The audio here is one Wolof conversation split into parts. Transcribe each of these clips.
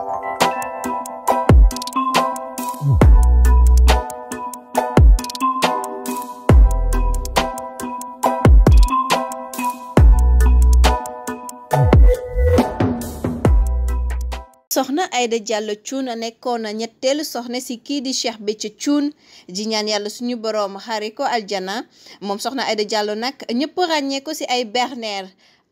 soxna ayda Diallo Thioune nekkoon na ñetteelu soxna ci kii di Cheikh bi ci ji ñaan yàlla suñu boroom xare ko aljana moom soxna Aida Diallo nag ñëpp ràññee ci ay Berner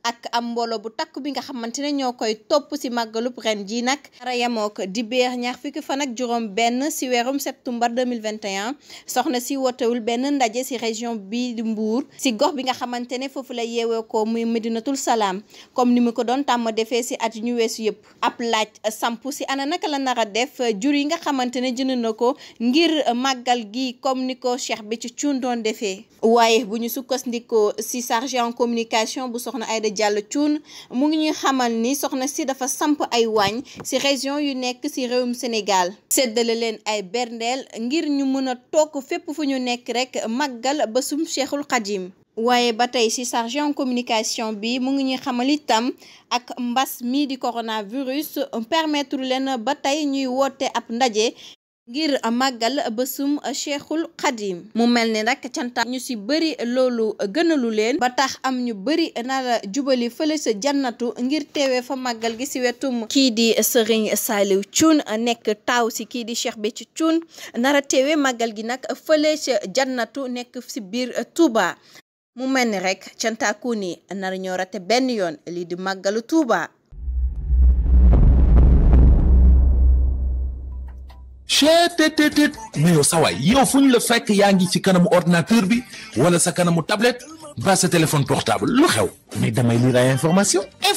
ak am mbooloo bu takk bi nga xamante ne ñoo koy topp si màggalub ren ji nag dara yemoo ko dibéer ñaar fukki fan ak juróom benn si weerum septembre 2021 soxna si wootewul benn ndaje si région bi di mbuur si gox bi nga xamante ne foofu la yeewee ko muy Medinatul Salaam comme ni mu ko doon tàmm defee si at yu ñu weesu yëpp ab laaj samp si ana naka la nar a def jur yi nga xamante ne jënd na ko ngir màggal gi comme ni ko cheikh bi ci cuun doon defee waaye bu ñu sukkandikoo si chargé communication bu soxna Aïda Aïda Diallo mu ngi ñuy xamal ni soxna si dafa samp ay waañ ci région yu nekk ci réewum Sénégal seddale leen ay berndeel ngir ñu mën a toog fépp fu ñu nekk rek ba bésum Cheikhul Khadim waaye ba tey ci sergent communication bi mu ngi ñuy xamal itam ak mbas mii di coronavirus permettre leen ba tey ñuy woote ab ndaje ngir màggal bésum cheikhul xadim mu mel ni nag canta ñu si bëri loolu gënalu leen ba tax am ñu bëri nara jubali fële sa jannatu ngir teewee fa màggal gi ci wetum kii di sëriñ Saliou Thioune nekk taaw si kii di Cheikh Béthio Thioune nara teewee màggal gi nag fële sa jannatu nekk ci biir Touba mu mel ni rek cantaaku ni nar ñoo rate benn yoon lii di màggalu tuuba chetttt mais yow sawaay yow fu ñu la fekk yaa ngi ci kanamu ordinateur bi wala sa kanamu tablette ba sa téléphone portable lu xew mais damay lire ay information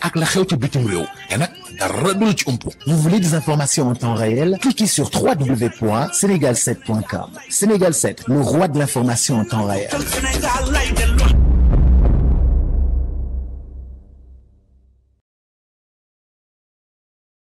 ak la xew ci bitim réew te nag dara du Vous voulez des informations en temps réel? Cliquez sur www.senegal7.com. Sénégal 7, le roi de l'information en temps réel.